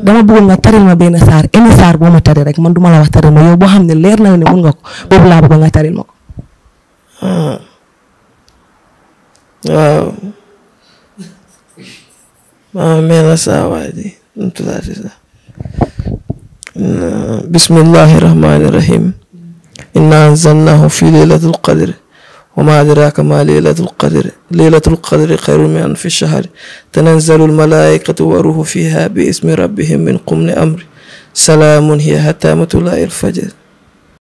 dama bëggoon nga taril ma benn saar en saar boo ma tari rek man duma la wax taril ma yow boo xam ne leer na ne mun nga ko boobu laa bëgg nga taril ma ko. waaw. maa mel na saa waay ji nu tuddaati sax. bismillahi rahmaani rahim. inna anzalnahu fi laylatul qadr وما أدراك ما ليلة القدر ليلة القدر خير من ألف الشهر تنزل الملائكة وروه فيها باسم ربهم من قمن أمر سلام هي حتى مطلع الفجر